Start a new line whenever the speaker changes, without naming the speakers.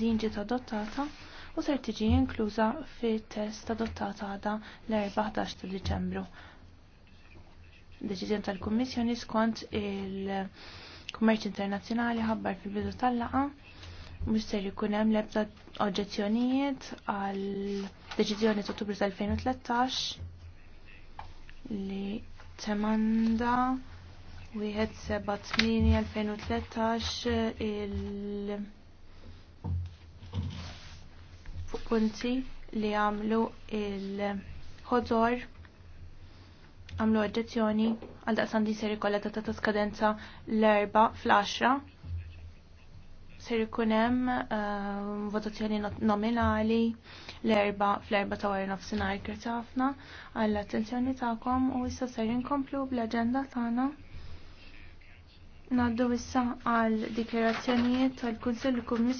din ġiet adottata u ser tiġi inkluża fit-test adottata għada l-14 ta' Diċembru. Deċiżjoni tal-Kummissjoni skont il-Kummerċ Internazzjonali ħabbar fil-bidu tal-laqa mhux ser jkun hemm l-ebda oġġezzjonijiet għal deċiżjoni ta' Ottubru 2013 li temanda wieħed seba' 2013 il- punti li għamlu il-ħodor għamlu addizzjoni għal daqsan din ser kolla ta' ta' skadenza l-erba fl axra ser kunem hemm uh, votazzjoni nominali l-erba fl-erba ta' wara nofsinhar kif ħafna għall attenzjoni tagħkom u issa ser nkomplu bl-aġenda tagħna. Naddu issa għal dikjerazzjonijiet tal-Kunsill Kummissjoni